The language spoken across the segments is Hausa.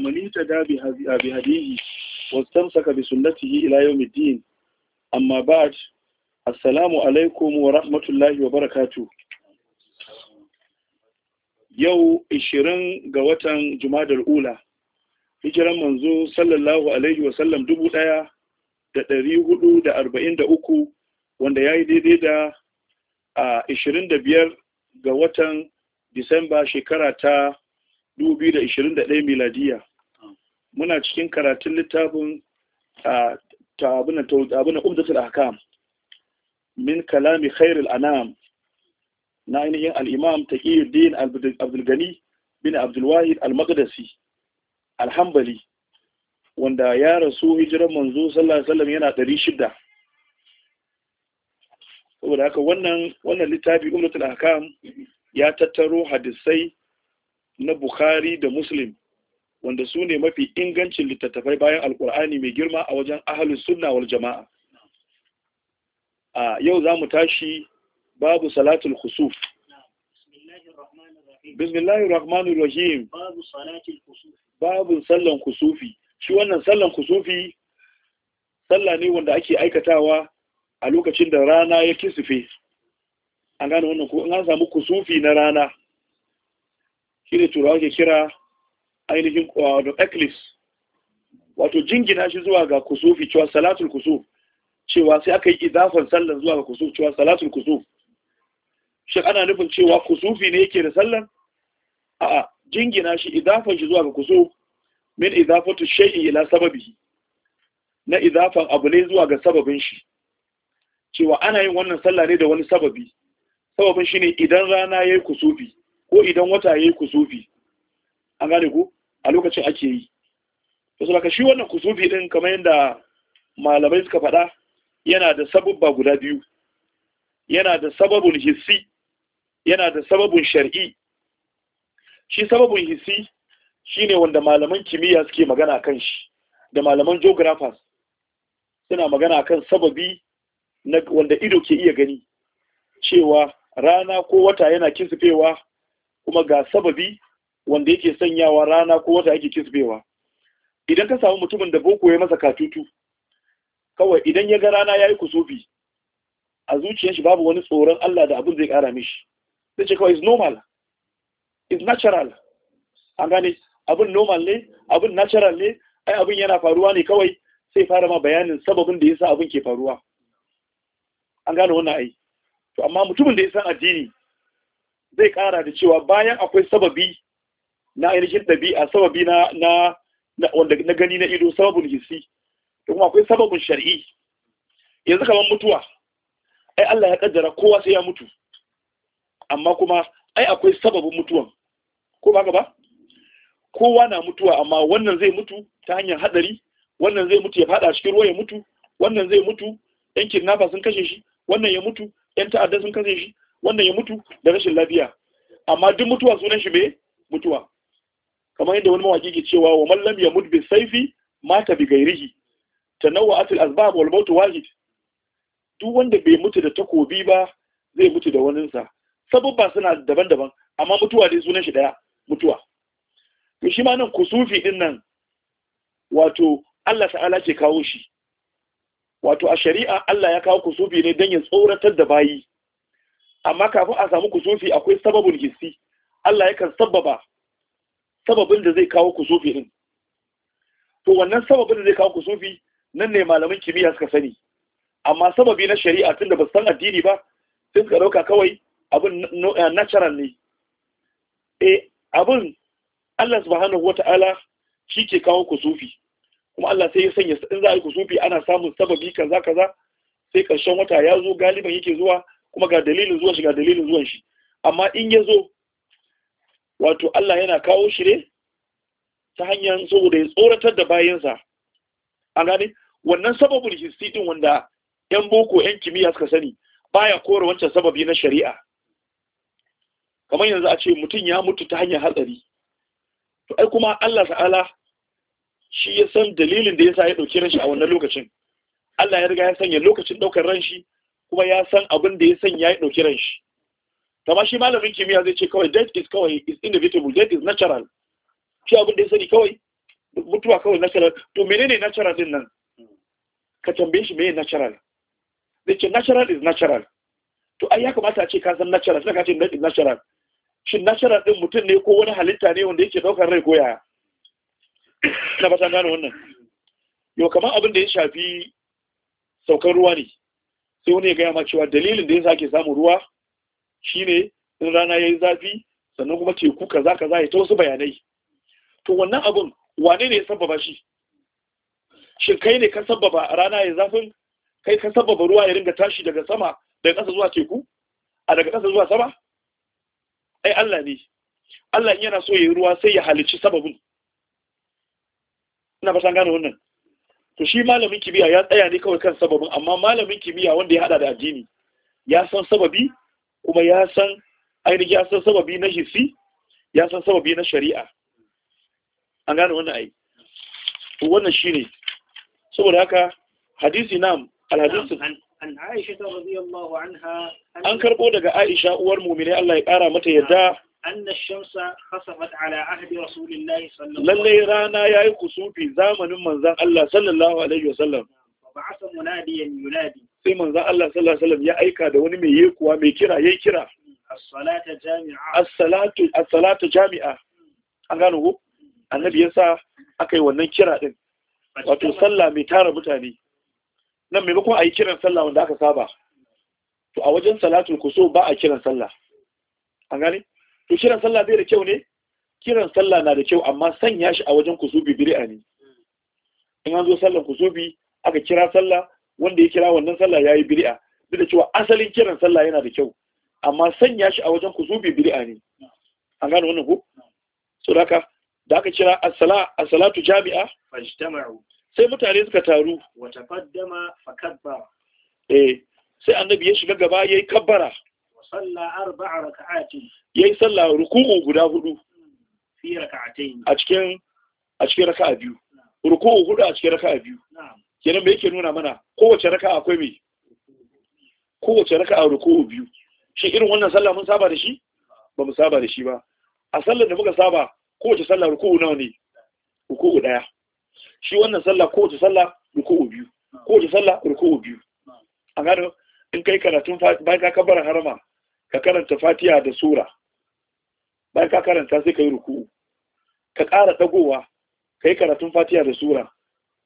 ومن اهتدى بهديه واستمسك بسنته إلى يوم الدين أما بعد السلام عليكم ورحمة الله وبركاته yau 20 ga watan Jumadar Ula, hijiran manzo sallallahu Alaihi wasallam dubu ɗaya da ɗari hudu da arba'in da uku wanda ya yi daidai da a 25 ga watan Disamba shekara ta miladiya. muna cikin karatun littafin abin da umdatul ahkam min kalami khairul anam na ainihin al'imam taqiyuddin abdulgani bin abdulwahid al-maqdisi alhambali wanda ya rasu hijiran manzo sallallahu alaihi yana yana shida saboda haka wannan littafi littafi umdatul ahkam ya tattaro hadisai na bukhari da muslim wanda su ne mafi ingancin littattafai bayan alkur'ani mai girma a wajen ahalin sunna wal jama'a a yau za mu tashi babu salatul khusuf bismillahir rahmanir rahim babu salatul khusuf babu sallan khusufi shi wannan sallan khusufi salla ne wanda ake aikatawa a lokacin da rana ya kisufe an gane wannan ko an samu kusufi na rana shi ne turawa ke kira ainihin uh, wato eklis wato jingina shi zuwa ga kusufi cewa salatul kusuf cewa sai aka yi idafan sallan zuwa ga kusuf cewa salatul kusuf shi ana nufin cewa kusufi ne yake da sallan a'a jingina shi idafan shi zuwa ga kusuf min idafatu shay'i ila sababi na idafan abu ne zuwa ga sababin shi cewa ana yin wannan sallah ne da wani sababi sababin shine idan rana yayi kusufi ko idan wata yayi kusufi an gane ku a lokacin ake yi wasu baka shi wannan kusufi din kamar yadda malamai suka faɗa yana da sababba guda biyu yana da sababin hissi yana da sababin shar'i shi sababin hissi shine wanda malaman kimiyya suke magana kan shi da malaman geographers suna magana kan sababi na wanda ido ke iya gani cewa rana ko wata yana kisifewa kuma ga sababi wanda yake sanyawa rana ko wata ake kisbewa idan ka samu mutumin da boko ya masa katutu kawai idan ya ga rana ya yi kusufi a zuciyar shi babu wani tsoron Allah da abin zai kara mishi sai ce kawai is normal is natural an gane abin normal ne abin natural ne ai abin yana faruwa ne kawai sai fara ma bayanin sababin da yasa abin ke faruwa an gane wannan ai to amma mutumin da ya san addini zai kara da cewa bayan akwai sababi na ainihin ɗabi'a sababi na na wanda na gani na ido sababin hissi da kuma akwai sababin shari'i yanzu kamar mutuwa ai Allah ya kaddara kowa sai ya mutu amma kuma ai akwai sababin mutuwan ko ba ba kowa na mutuwa amma wannan zai mutu ta hanyar hadari wannan zai mutu ya fada cikin ruwa ya mutu wannan zai mutu yan kidnapper sun kashe shi wannan ya mutu yan ta'adda sun kashe shi wannan ya mutu da rashin lafiya amma duk mutuwa sunan shi me mutuwa kamar yadda wani mawaki ke cewa wa mallam ya mutu bi saifi mata bi gairihi tanawwa'at al-asbab wal mautu wahid duk wanda bai mutu da takobi ba zai mutu da wani sa sababba suna daban-daban amma mutuwa dai sunan shi daya mutuwa to shi ma nan kusufi din nan wato Allah ta'ala ke kawo shi wato a shari'a Allah ya kawo kusufi ne dan ya tsoratar da bayi amma kafin a samu kusufi akwai sababul hissi Allah yakan sababa sababin da zai kawo kusufi din to wannan sababin da zai kawo kusufi nan ne malaman kimiyya suka sani amma sababi na shari'a tunda ba san addini ba sun ka dauka kawai abin eh, natural ne eh abin Allah subhanahu wata'ala shi ke kawo kusufi kuma Allah sai ya sanya in za a yi kusufi ana samun sababi kaza kaza sai karshen wata ya zo galiban yake zuwa kuma ga dalilin zuwan shi ga dalilin zuwan shi amma in ya zo wato Allah yana kawo shi ne ta hanyar saboda ya tsoratar da bayansa a gane wannan sababin hissi din wanda yan boko yan kimiyya suka sani baya kore wancan sababi na shari'a kamar yanzu a ce mutum ya mutu ta hanyar hatsari to ai kuma Allah ta'ala shi ya san dalilin da yasa ya dauki ranshi a wannan lokacin Allah ya riga ya sanya lokacin daukar ranshi kuma ya san abin da ya sanya ya dauki ranshi kamar shi malamin kimiyya zai ce kawai death is kawai is inevitable death is natural shi abin da ya sani kawai mutuwa kawai natural to menene natural din nan ka tambaye shi meye natural zai ce natural is natural to ai ya kamata a ce ka san natural suna kace death is natural shin natural din mutum ne ko wani halitta ne wanda yake daukar rai ko yaya na ba san gano wannan yau kamar abin da ya shafi saukar ruwa ne sai wani ya gaya ma cewa dalilin da ya sake samun ruwa shine in rana yi zafi sannan kuma teku kaza kaza ya ta wasu bayanai to wannan abun wane ne ya sabbaba shi shin kai ne ka sabbaba rana ya zafin kai ka sabbaba ruwa ya ringa tashi daga sama daga ƙasa zuwa teku a daga ƙasa zuwa sama ai Allah ne Allah yana so ya yi ruwa sai ya halicci sababin ina fatan gane wannan to shi malamin kimiyya ya tsaya ne kawai kan sababin amma malamin kimiyya wanda ya hada da addini ya san sababi kuma ya san ainihin ya san sababi na hisi, ya san sababi na shari'a an gane wannan ai wannan shine saboda haka hadisi nam alhadisu an karbo daga Aisha uwar mu'mini Allah ya kara mata yadda anna shamsa khasafat ala ahdi rasulillahi sallallahu lalle rana yayi kusufi zamanin manzon Allah sallallahu alaihi wasallam ba'atha munadiyan yunadi sai manzan Allah sallallahu alaihi wasallam ya aika da wani mai yekuwa mai kira yayi kira as-salatu jami'a as-salatu jami'a an gano ko annabi ya sa aka yi wannan kira din wato sallah mai tara mutane nan maimakon a yi kiran sallah wanda aka saba to a wajen salatul kuso ba a kiran sallah an gane to kiran sallah bai da kyau ne kiran sallah na da kyau amma sanya shi a wajen kusubi bid'a ne in an zo sallan kusubi aka kira sallah wanda ya kira wannan sallah yayi bid'a duk da cewa asalin kiran sallah yana da kyau amma sanya shi a wajen kuzubi bid'a ne an gane wannan ko so da ka! da aka kira as-salatu jami'a fajtama'u sai mutane suka taru wa taqaddama fakabba eh sai annabi ya shiga gaba yayi kabbara wa salla arba'a raka'atin yayi sallah ruku'u guda hudu fi raka'atayn a cikin a cikin raka'a biyu ruku'u hudu a cikin raka'a biyu na'am kenan me yake nuna mana kowace raka akwai me kowace raka a ruku'u biyu shi irin wannan sallah mun saba da shi ba mu saba da shi ba a sallar da muka saba kowace sallah ruku'u nawa ne ruku'u daya shi wannan sallah kowace sallah ruku'u biyu kowace sallah ruku'u biyu a gano in kai karatun bayan ka kabbara harama ka karanta fatiha da sura bayan ka karanta sai ka yi ruku'u ka ƙara dagowa ka yi karatun fatiha da sura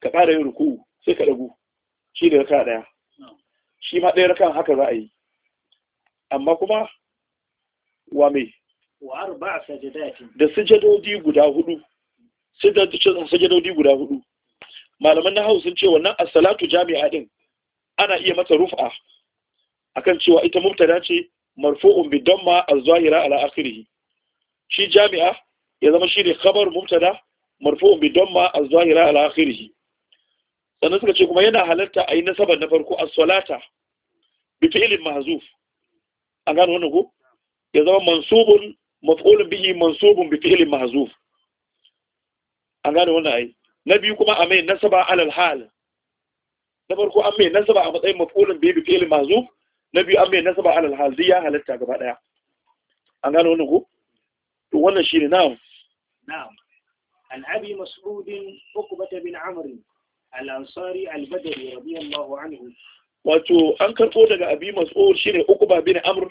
ka ƙara yin ruku'u sai ka ɗagu shi da raka ɗaya shi ma ɗaya rakan haka za a yi amma kuma wa mai da sujadodi guda hudu sujadodi guda hudu malaman na hau sun ce wannan as-salatu jami'a din ana iya mata rufa akan cewa ita mubtada ce marfu'un bi damma az-zahira ala akhirih shi jami'a ya zama shi ne khabar mubtada marfu'un bi damma az-zahira ala akhirih sannan suka ce kuma yana halarta a yi nasabar na farko a solata bi fi'ilin mahazuf A gano wani ko ya zama mansubun mafi'ulun bihi mansubun bi fi'ilin mahazuf a gano wani ai na biyu kuma a mai nasaba alal hal na farko an mai nasaba a matsayin mafi'ulun bihi bi fi'ilin mahazuf na biyu an mai nasaba alal hal ya halarta gaba daya A gano wani ko to wannan shi ne na'am na'am an abi mas'udin uqbata bin amr al-ansari al-badri radiyallahu anhu wato an karɓo daga abi mas'ud shine ukuba bin amr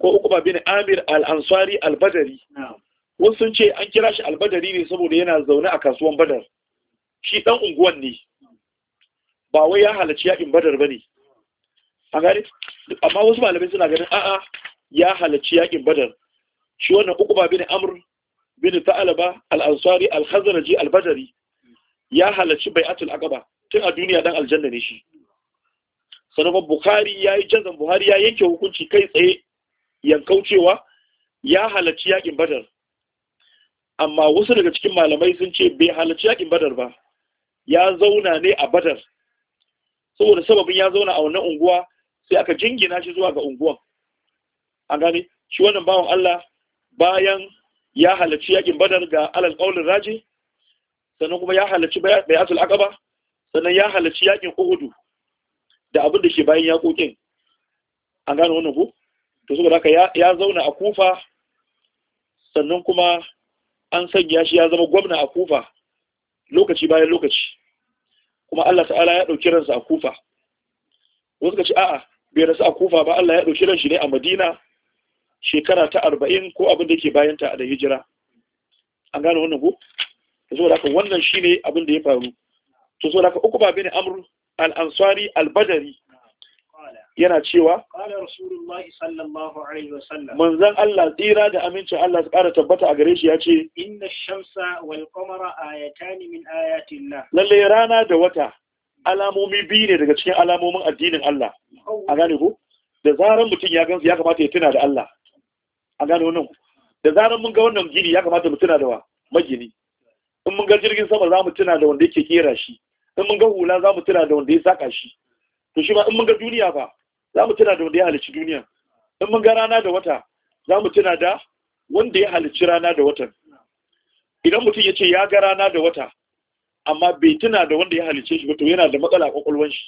ko ukuba bin amir al-ansari al-badri wasu sun ce an kira shi al-badri ne saboda yana zaune a kasuwan badar shi dan unguwan ne ba wai ya halarci yakin badar bane a gari amma wasu malamai suna ganin a'a ya halarci yakin badar shi wannan ukuba bin amr bin ta'alaba al-ansari al-khazraji al-badri ya halarci Bai bai'atul aqaba tun a duniya dan aljanna ne shi sanaban bukhari ya yi canzan buhari ya yanke hukunci kai tsaye yankaucewa ya halarci yaƙin badar amma wasu daga cikin malamai sun ce bai halarci yakin badar ba ya zauna ne a badar saboda sababin ya zauna a wannan unguwa sai aka jingina shi zuwa ga unguwan A gane shi wannan bawan Allah bayan ya halarci yakin badar ga alal qaulin raji sannan kuma ya halarci bayatul ba? sannan ya halarci yakin uhudu da abin da ke bayan yakokin an gane wannan ku to saboda haka ya zauna a kufa sannan kuma an sanya shi ya zama gwamna a kufa lokaci bayan lokaci kuma Allah ta'ala ya ɗauki ransa a kufa wasu ka ce a'a bai rasu a kufa ba Allah ya ɗauki ranshi ne a madina shekara ta arba'in ko abin da ke bayanta da hijira an gane wannan ku to saboda haka wannan shine abin da ya faru to saboda haka uku ba bin amr al-ansari al-badri yana cewa manzan Allah tsira da amincin Allah su ƙara tabbata a gare shi ya ce inna shamsa wal qamara ayatani min ayatillah lalle rana da wata alamomi biyu ne daga cikin alamomin addinin Allah a gane ko da zaran mutum ya gansu ya kamata ya tuna da Allah a gane wannan da zaran mun ga wannan gini ya kamata mu tuna da wa magini in mun ga jirgin sama za mu tuna da wanda yake kera shi in mun ga hula za mu tuna da wanda ya saka shi to shi ma in mun ga duniya ba za mu tuna da wanda ya halicci duniya in mun ga rana da wata za mu tuna da wanda ya halicci rana da watan idan mutum ya ce ya ga rana da wata amma bai tuna da wanda ya halicce shi ba to yana da matsala a kwakwalwar shi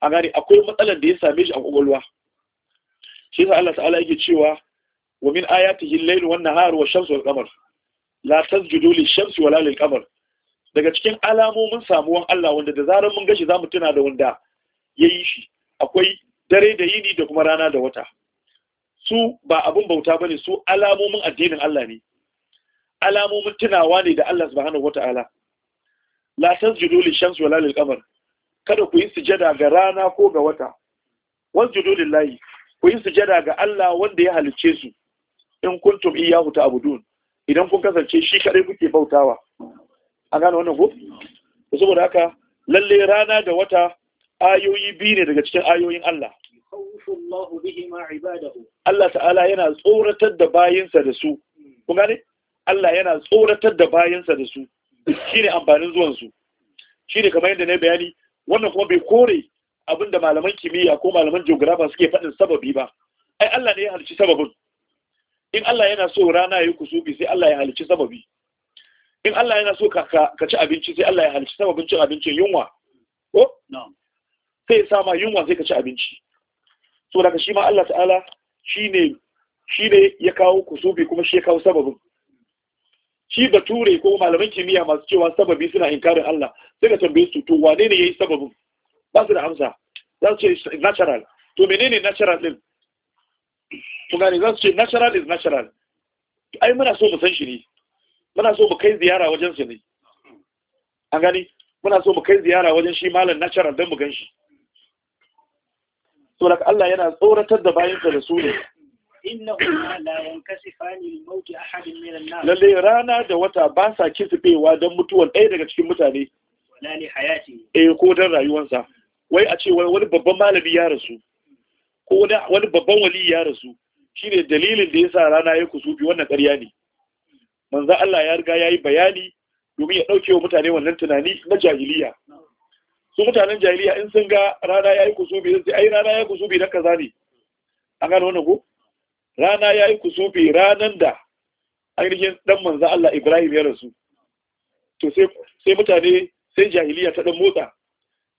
a gani akwai matsalar da ya same shi a kwakwalwa shi yasa Allah ta'ala yake cewa wa min ayatihi al-layl wan nahar wa shamsu wal qamar la tasjudu lil shamsi wala lil daga cikin alamomin samuwan Allah wanda da zarar mun gashi zamu tuna da wanda yayi shi akwai dare da yini da kuma rana da wata su ba abun bauta bane su alamomin addinin Allah ne alamomin tunawa ne da Allah subhanahu wataala la tasjudu lil shamsi wala lil qamar kada ku yi sujada ga rana ko ga wata wasjudu lillahi ku yi sujada ga Allah wanda ya halicce su in kuntum iyyahu ta'budun idan kun kasance shi kaɗai kuke bautawa an gane wannan ku? saboda haka lalle rana da wata ayoyi biyu ne daga cikin ayoyin Allah Allah ta'ala yana tsoratar da bayinsa da su Ku gane Allah yana tsoratar da bayinsa da su ne amfanin zuwan su ne kamar yadda na bayani wannan kuma bai kore abinda malaman kimiyya ko malaman geografa suke faɗin sababi ba ai Allah ne ya halci sababin in Allah yana so rana yi kusufi sai Allah ya halicci sababi in Allah yana so ka ka ci abinci sai Allah ya halicci sababin cin abincin yunwa ko na'am sai ya sama yunwa sai ka ci abinci so daga shi ma Allah ta'ala shine shine ya kawo kusufi kuma shi ya kawo sababin shi bature ko malaman kimiyya masu cewa sababi suna inkarin Allah sai ka tambaye su to wane ne yayi sababin ba su da amsa za su ce natural to menene natural din ku gane za su ce natural is natural ai muna so mu san shi ne muna so mu kai ziyara wajen su ne an gani muna so mu kai ziyara wajen shi malam natural don mu gan shi da Allah yana tsoratar da bayansa da su ne lalle rana da wata ba sa kisifewa don mutuwan ɗaya daga cikin mutane eh ko don rayuwansa wai a ce wani babban malami ya rasu ko wani babban wali ya rasu shine dalilin da yasa rana ya kusufi wannan ƙarya ne manzo Allah ya riga yayi bayani domin ya ɗauke wa mutane wannan tunani na jahiliya su mutanen jahiliya in sun ga rana yayi kusufi sai ai rana yayi kusufi na kaza ne an gano wannan ko rana yayi kusufi ranan da ainihin dan manzo Allah Ibrahim ya rasu to sai sai mutane sai jahiliya ta dan motsa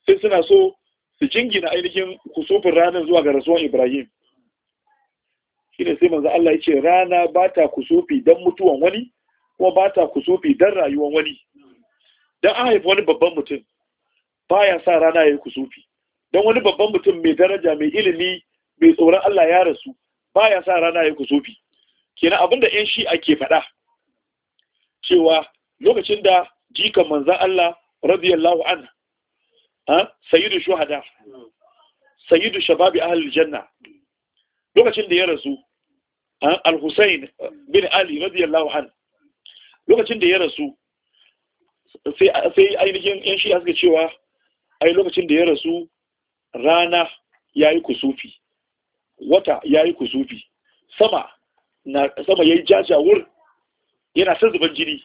sai suna so su jingina ainihin kusufin ranar zuwa ga rasuwan Ibrahim shine sai manzo Allah ya ce rana ba ta kusufi don mutuwan wani kuma ba ta kusufi don rayuwan wani Don an haifi wani babban mutum ba ya sa rana ya yi kusufi Don wani babban mutum mai daraja mai ilimi mai tsoron Allah ya rasu ba ya sa rana ya yi kusufi kenan abinda yan shi ake faɗa cewa lokacin da jikan manzo Allah radiyallahu anhu Saidu shuhada sayidu shababi ahlul janna lokacin da ya rasu al-husayn bin ali radiyallahu an lokacin da ya rasu sai ainihin yan shi suka cewa ai lokacin da ya rasu rana yayi kusufi wata yayi kusufi sama na sama yayi jajawur yana ta zuban jini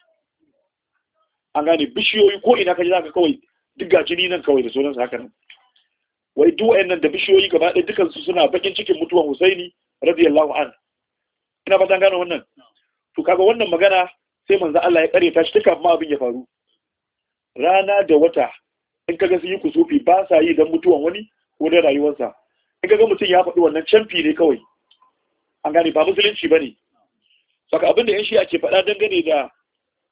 an gane bishiyoyi ko ina kaje zaka kawai duk ga jini nan kawai da sunan haka nan wai duk wayannan da bishiyoyi gaba ɗaya dukan su suna bakin cikin mutuwan Husaini radiyallahu an ina ba gano wannan to kaga wannan magana sai manzo Allah ya kare ta shi duka ma abin ya faru rana da wata in kaga sun yi kusufi ba sa yi dan mutuwan wani ko da rayuwarsa in kaga mutum ya faɗi wannan canfi ne kawai an gane ba musulunci bane saka abin da yan shi ake faɗa dangane da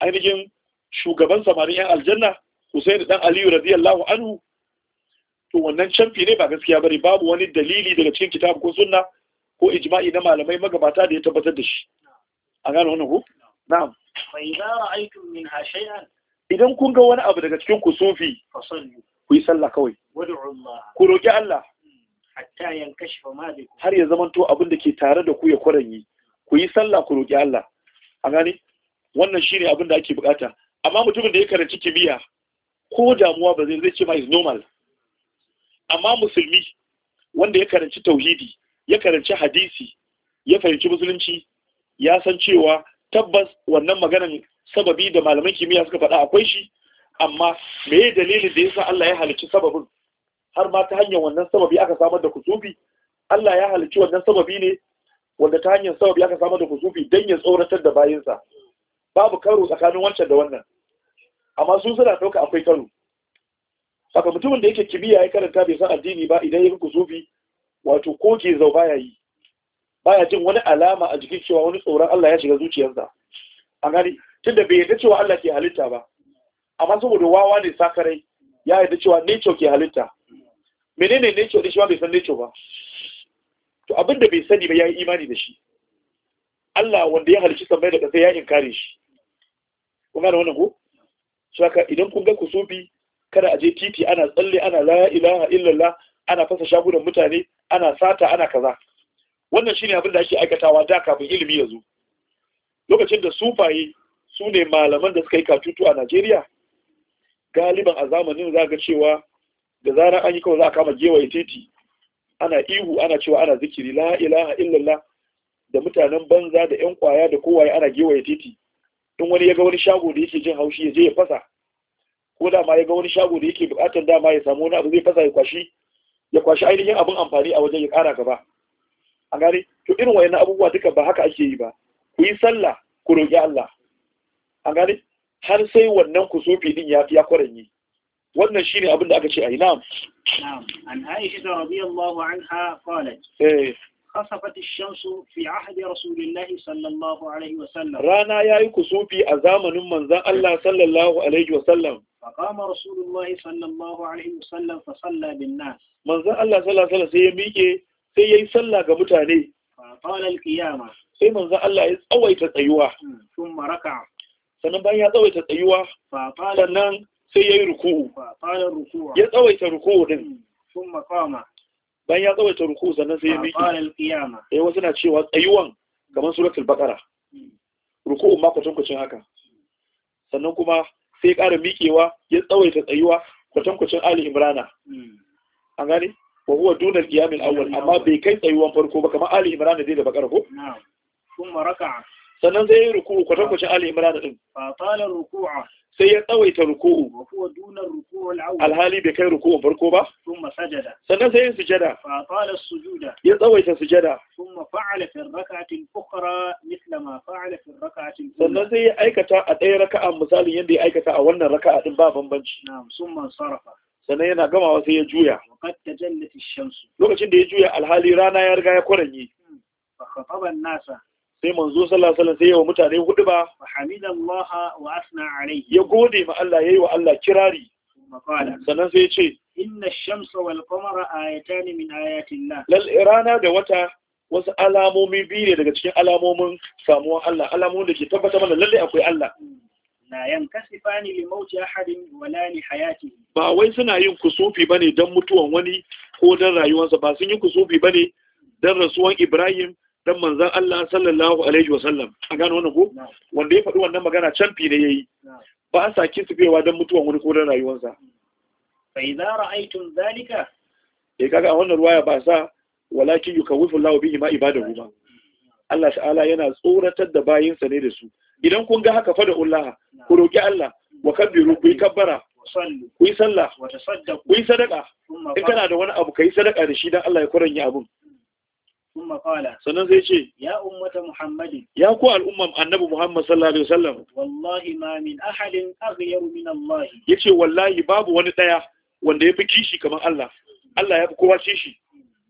ainihin shugaban samarin yan aljanna Husainu dan Aliyu radiyallahu anhu to wannan canfi ne ba gaskiya bane babu wani dalili daga cikin kitabu ko sunna ko ijma'i na malamai magabata da ya tabbatar da shi A gane wannan ko na'am fa idza ra'aytum minha shay'an idan kun ga wani abu daga cikin ku sufi ku yi sallah kawai ku roki Allah hmm. hatta yankashfa ma bikum har ya zamanto abin da ke tare da ku ya kwaranyi ku yi sallah ku roki Allah A gane wannan shine abin da ake bukata amma mutumin da ya karanci kimiyya ko damuwa ba zai zai ce ma is normal amma musulmi wanda ya karanci tauhidi ya karanci hadisi ya fahimci musulunci ya san cewa tabbas wannan maganan sababi da malaman kimiyya suka faɗa akwai shi amma me dalilin da yasa Allah ya halicci sababin har ma ta hanyar wannan sababi aka samar da kusufi Allah ya halicci wannan sababi ne wanda ta hanyar sababi aka samar da kusufi dan ya tsoratar da bayinsa babu karo tsakanin wancan da wannan amma sun suna ɗauka akwai karo saka mutumin da yake kimiyya ya karanta bai san addini ba idan ya fi kusufi wato ko ke zau baya yi baya jin wani alama a jikin cewa wani tsoron Allah ya shiga zuciyarsa a gani tunda bai yadda cewa Allah ke halitta ba amma saboda wawa ne sakarai ya yadda cewa nature ke halitta menene nature da shi bai san nature ba to abin da bai sani ba ya yi imani da shi Allah wanda ya halicci sammai da ƙasa ya inkare shi kuma da wannan ko saka idan kun ga kusufi kada a je titi ana tsalle ana la ilaha illallah ana fasa shagunan mutane ana sata ana kaza wannan shine abin da ake aikatawa da kafin ilimi ya zo lokacin da sufaye su ne malaman da suka yi katutu a Najeriya galiban a zamanin za ga cewa da zarar an yi kawai za a kama gewaye titi ana ihu ana cewa ana zikiri la ilaha illallah da mutanen banza da yan kwaya da kowaye ana gewaye titi in wani ya ga wani shago da yake jin haushi ya je ya fasa ko da ma ya ga wani shago da yake bukatar dama ya samu wani abu zai fasa ya kwashi ya kwashi ainihin abin amfani a wajen ya kara gaba a gane to irin wayannan abubuwa duka ba haka ake yi ba ku yi sallah ku roƙi Allah a gane har sai wannan kusufi din ya fi ya yi wannan shine abin da aka ce a yi na'am na'am an Aisha radiyallahu anha qalat eh خسفت الشمس في عهد رسول الله صلى الله عليه وسلم رانا ياي كسوفي أزامن من ذا الله صلى الله عليه وسلم فقام رسول الله صلى الله عليه وسلم فصلى بالناس من ذا الله صلى الله عليه وسلم سيميكي سيي صلى كمتاني فطال القيامة sai manzo Allah ya tsawaita tsayuwa sun maraka sannan bayan ya tsawaita tsayuwa sannan sai ya yi ruku'u ya tsawaita ruku'u din sun makama bayan ya tsawaita ruku sannan sai ya miƙe eh wasu na cewa tsayuwan kamar suratul baqara hmm. ruku ma kwatankwacin haka sannan kuma sai ƙara miƙewa ya tsawaita tsayuwa kwatankwacin ali imrana hmm. an gane wa huwa dunal awal awwal amma bai kai tsayuwan farko ba kamar ali imrana dai da baqara ko kuma raka'a sannan zai yi ruku kwatankwacin ali imrana din fa tala ruku'a sai ya tsawaita ruku'u alhali bai kai ruku'un farko ba thumma sannan sai ya sujada fa sujuda ya tsawaita sujada thumma fa'ala fi rak'ati ukhra mithla ma fa'ala fi rak'ati sannan sai ya aikata a ɗaya raka'a misalin yadda ya aikata a wannan raka'a din ba bambanci na'am thumma sarafa sannan yana gamawa sai ya juya waqad tajallati ash-shamsu lokacin da ya juya alhali rana ya riga ya kwaranye hmm. fa khataba an-nasa sai manzo sallallahu alaihi wasallam sai yawa mutane hudu ba fa hamidallaha wa asna alayhi ya gode ma Allah yayi wa Allah kirari sannan sai ya ce inna shamsa wal qamara ayatan min ayatillah lal irana da wata wasu alamomi biyu ne daga cikin alamomin samuwar Allah alamomin da ke tabbata mana lalle akwai Allah na yankasifani li mauti ahadin wala li hayati ba wai suna yin kusufi bane dan mutuwan wani ko dan rayuwarsa ba sun yi kusufi bane dan rasuwan Ibrahim dan manzon Allah sallallahu alaihi wasallam a gano wannan ko wanda ya faɗi wannan magana canfi ne yayi ba sa kisufewa dan mutuwan wani ko dan rayuwarsa Mai zara ra'aytum zalika eh kaga wannan ruwaya ba sa walakin yukawifu Allahu bihi ma ibadahu ba Allah ta'ala yana tsoratar da bayansa ne da su idan kun ga haka fada Allah ku roki Allah wa kabbiru ku yi ku yi sallah ku yi sadaka in kana da wani abu ka yi sadaka da shi dan Allah ya kuranya abun sannan zai ce ya ummata muhammadin ya ku annabi muhammad sallallahu alaihi wasallam wallahi ma min ahadin min Allah yace wallahi babu wani daya wanda ya fi kishi kamar Allah Allah ya fi kowa kishi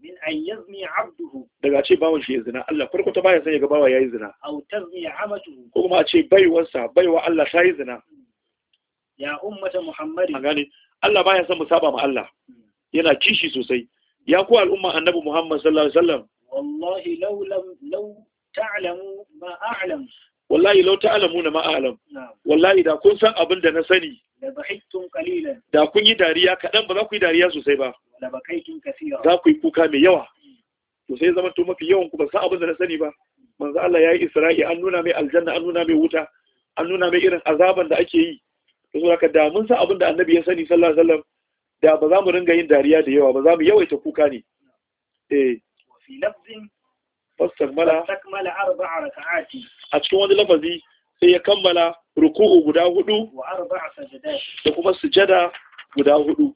min an yazni abduhu daga ce bawan shi ya zina Allah farko ta baya sai ya ga bawa yi zina aw ne, amatuhu ko kuma a ce baiwarsa baiwa Allah ta yi zina ya ummata Muhammadu. an gane Allah baya son mu saba ma Allah yana kishi sosai ya ku al'umma annabi muhammad sallallahu alaihi wasallam wallahi law lam law ta'lamu ma a'lam wallahi law ta'lamuna ma a'lam wallahi da kun san abin da na sani da kun yi dariya kaɗan ba za ku yi dariya sosai ba za ku yi kuka mai yawa to sai zama to mafi yawan ku ba san abin da na sani ba manzo Allah ya yi Isra'i an nuna mai aljanna an nuna mai wuta an nuna mai irin azaban da ake yi to saboda da mun san abin da annabi ya sani sallallahu alaihi wasallam da ba za mu ringa yin dariya da yawa ba za mu yawaita kuka ne eh fi lafzin fastakmala fastakmala arba'a raka'ati a cikin wani lafazi sai ya kammala ruku'u guda hudu da kuma sujada guda hudu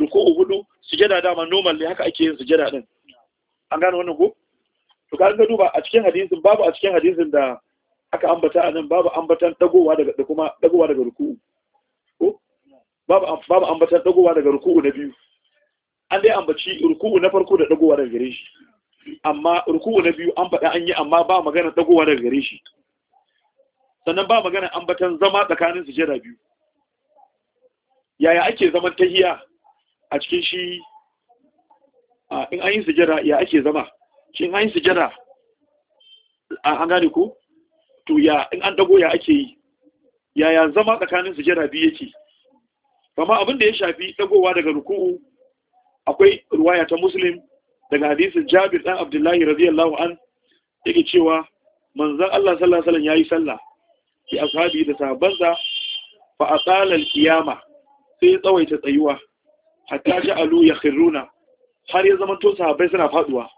ruku'u hudu sujada dama normal ne haka ake yin sujada din an gane wannan ko to ka ga duba a cikin hadisin babu a cikin hadisin da aka ambata anan babu ambatan dagowa daga da kuma dagowa daga ruku'u ko babu babu ambatan dagowa daga ruku'u na biyu an dai ambaci ruku'u na farko da dagowa daga gare shi amma ruku'u na biyu an faɗa an yi amma ba magana dagowa daga gare shi sannan ba magana ambatan zama tsakanin sujada biyu yaya ake zaman tahiya a cikin shi in an yi sujada ya ake zama shi in an yi sujada an gane ko to ya in an dago ya ake yi yaya zama tsakanin sujada biyu yake amma abin da ya shafi dagowa daga ruku'u akwai ruwaya ta muslim daga hadisin jabir dan abdullahi radiyallahu an yake cewa manzon Allah sallallahu alaihi wasallam yayi sallah fi ashabi da sahabbansa fa atala al-qiyama sai tsawaita tsayuwa hatta ja'alu yakhruna har ya zama to sahabbai suna faduwa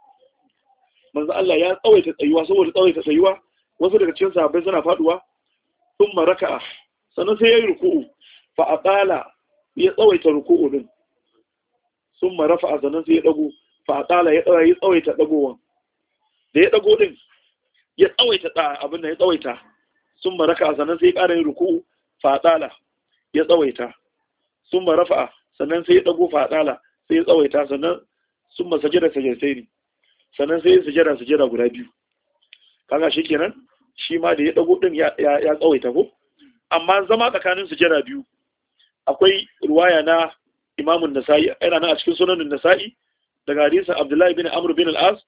manzo Allah ya tsawaita tsayuwa saboda tsawaita tsayuwa wasu daga cikin sahabbai suna faduwa thumma raka'a sannan sai yi ruku'u fa atala ya tsawaita ruku'u din thumma rafa'a sannan sai ya dago fa atala ya tsawaita dagowan da ya dago din ya tsawaita abin da ya tsawaita sun raka sannan sai ƙara yin ruku'u Fatsala, ya tsawaita sun rafa sannan sai ya ɗago fatsala sai ya tsawaita sannan sun sajira sajadai ne sannan sai ya sajira sajira guda biyu kaga shi kenan shi ma da ya ɗago ɗin ya tsawaita ko amma zama tsakanin sajira biyu akwai ruwaya na imamun nasa'i yana nan a cikin sunanin nasa'i daga hadisin abdullahi bin amr bin al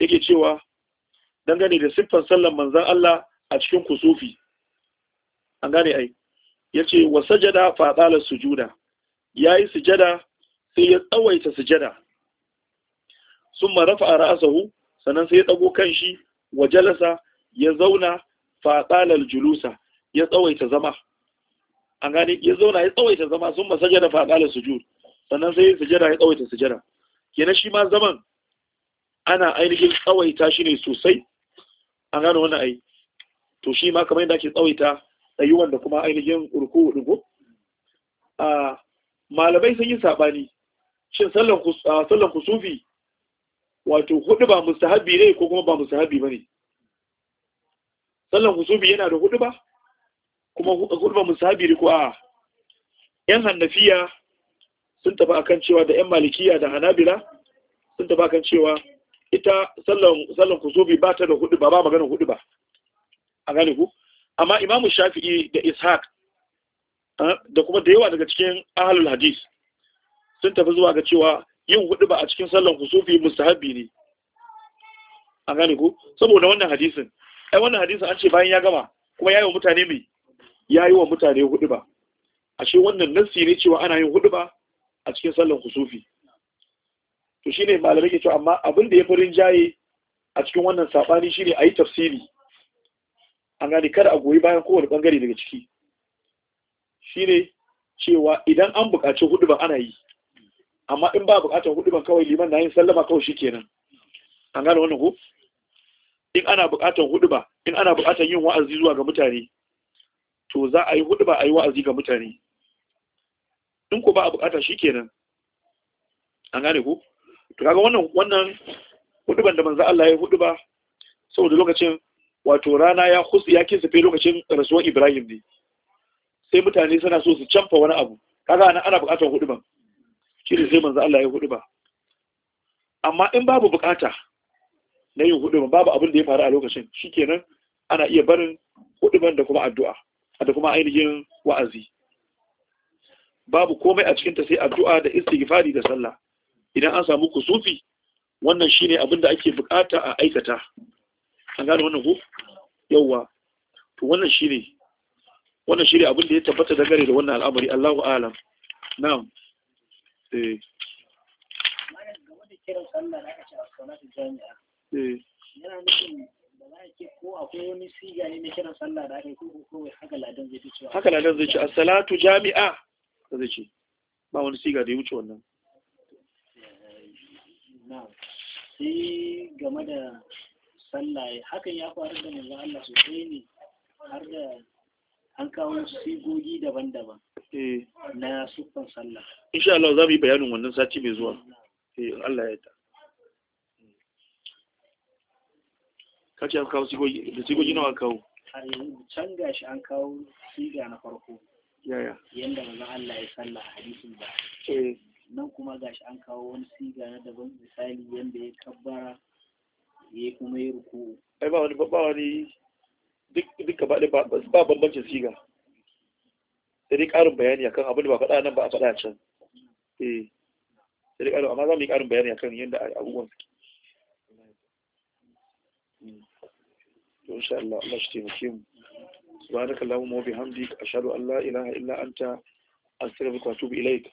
yake cewa dangane da siffar sallan manzan Allah a cikin kusufi an gane ai yace wa sajada fa qala sujuda yayi sujada sai ya tsawaita sujada summa a ra'asahu sannan sai ya dago kanshi wa jalasa ya zauna fa julusa ya tsawaita zama an gane ya zauna ya tsawaita zama summa sajada fa qala sujud sannan sai ya sujada ya tsawaita sujada kenan shi ma zaman ana ainihin tsawaita shi ne sosai an gane wannan ai to shi ma kamar yadda ake tsawaita ɗayuwan da kuma ainihin ruku ɗigo a malamai sun yi saɓani shin sallan kusufi wato hudu ba habi ne ko kuma ba habi ba ne sallan kusufi yana da hudu ba kuma hudu ba mustahabi ne ko a yan hannafiya sun tafi a kan cewa da yan malikiya da hanabila sun tafi a kan cewa ita sallan kusufi ba ta da hudu ba ba maganin hudu ba a gane ku amma imamu shafi'i da ishaq eh, da kuma da yawa daga cikin ahlul hadis sun tafi zuwa ga cewa yin hudu ba a cikin sallan husufi mustahabbi ne a gane ku saboda wannan hadisin ai wannan hadisin an ce bayan ya gama kuma yayi wa mutane mai yayi wa mutane hudu ba ashe wannan nassi ne cewa ana yin hudu ba a cikin sallan husufi? to shine malamai ke cewa amma abin da ya farin jaye a cikin wannan sabani shine ayi tafsiri an gani kada a goyi bayan kowane bangare daga ciki shine cewa idan an buƙaci hudu ban ana yi amma in ba buƙatar hudu ban kawai liman na yin sallama kawai shikenan an gani wannan ko in ana buƙatar hudu ba in ana buƙatar yin wa'azi zuwa ga mutane to za a yi hudu ba a yi wa'azi ga mutane in ko ba a buƙata shikenan an gani ko to kaga wannan wannan hudu ban da manzo Allah ya hudu ba saboda lokacin wato rana ya kusa ya kinsufe lokacin rasuwar Ibrahim ne sai mutane suna so su canfa wani abu kaga nan ana bukatar hudu ba, shi ne sai manzo Allah ya hudu ba amma in babu bukata na yin hudu ba babu abin da ya faru a lokacin shikenan ana iya barin hudu ban da kuma addu'a da kuma ainihin wa'azi babu komai a cikinta sai addu'a da istighfari da sallah idan an samu kusufi wannan shine abin da ake bukata a aikata an gane wannan ko yawwa to wannan shine wannan shine abin da ya tabbata gare da wannan al'amari Allahu a'lam na'am eh yana eh. nufin haka ladan zai ce a salatu jami'a da zai ce ba wani siga da ya wuce wannan game da Sallaye hakan ya faru da manzon Allah sosai ne har da an kawo sigogi daban-daban eh. na sukan sallah insha Allah za mu yi bayanin wannan sati mai zuwa eh Allah ya ta kace an kawo sigogi da sigogi nawa kawo can gashi an kawo siga na farko yaya yanda manzon Allah ya sallah hadisin ba eh. nan kuma gashi an kawo wani siga na daban misali yanda ya kabbara ya kuma yi ruku ai ba wani babba wani duk gaba ba bambancin siga sai dai karin bayani akan abin da ba faɗa nan ba a faɗa can eh sai karin amma za mu yi karin bayani akan yadda abubuwan suke hmm. to insha Allah Allah shi taimake mu subhanaka allahumma wa bihamdika ashhadu an la ilaha illa anta astaghfiruka wa atubu ilaik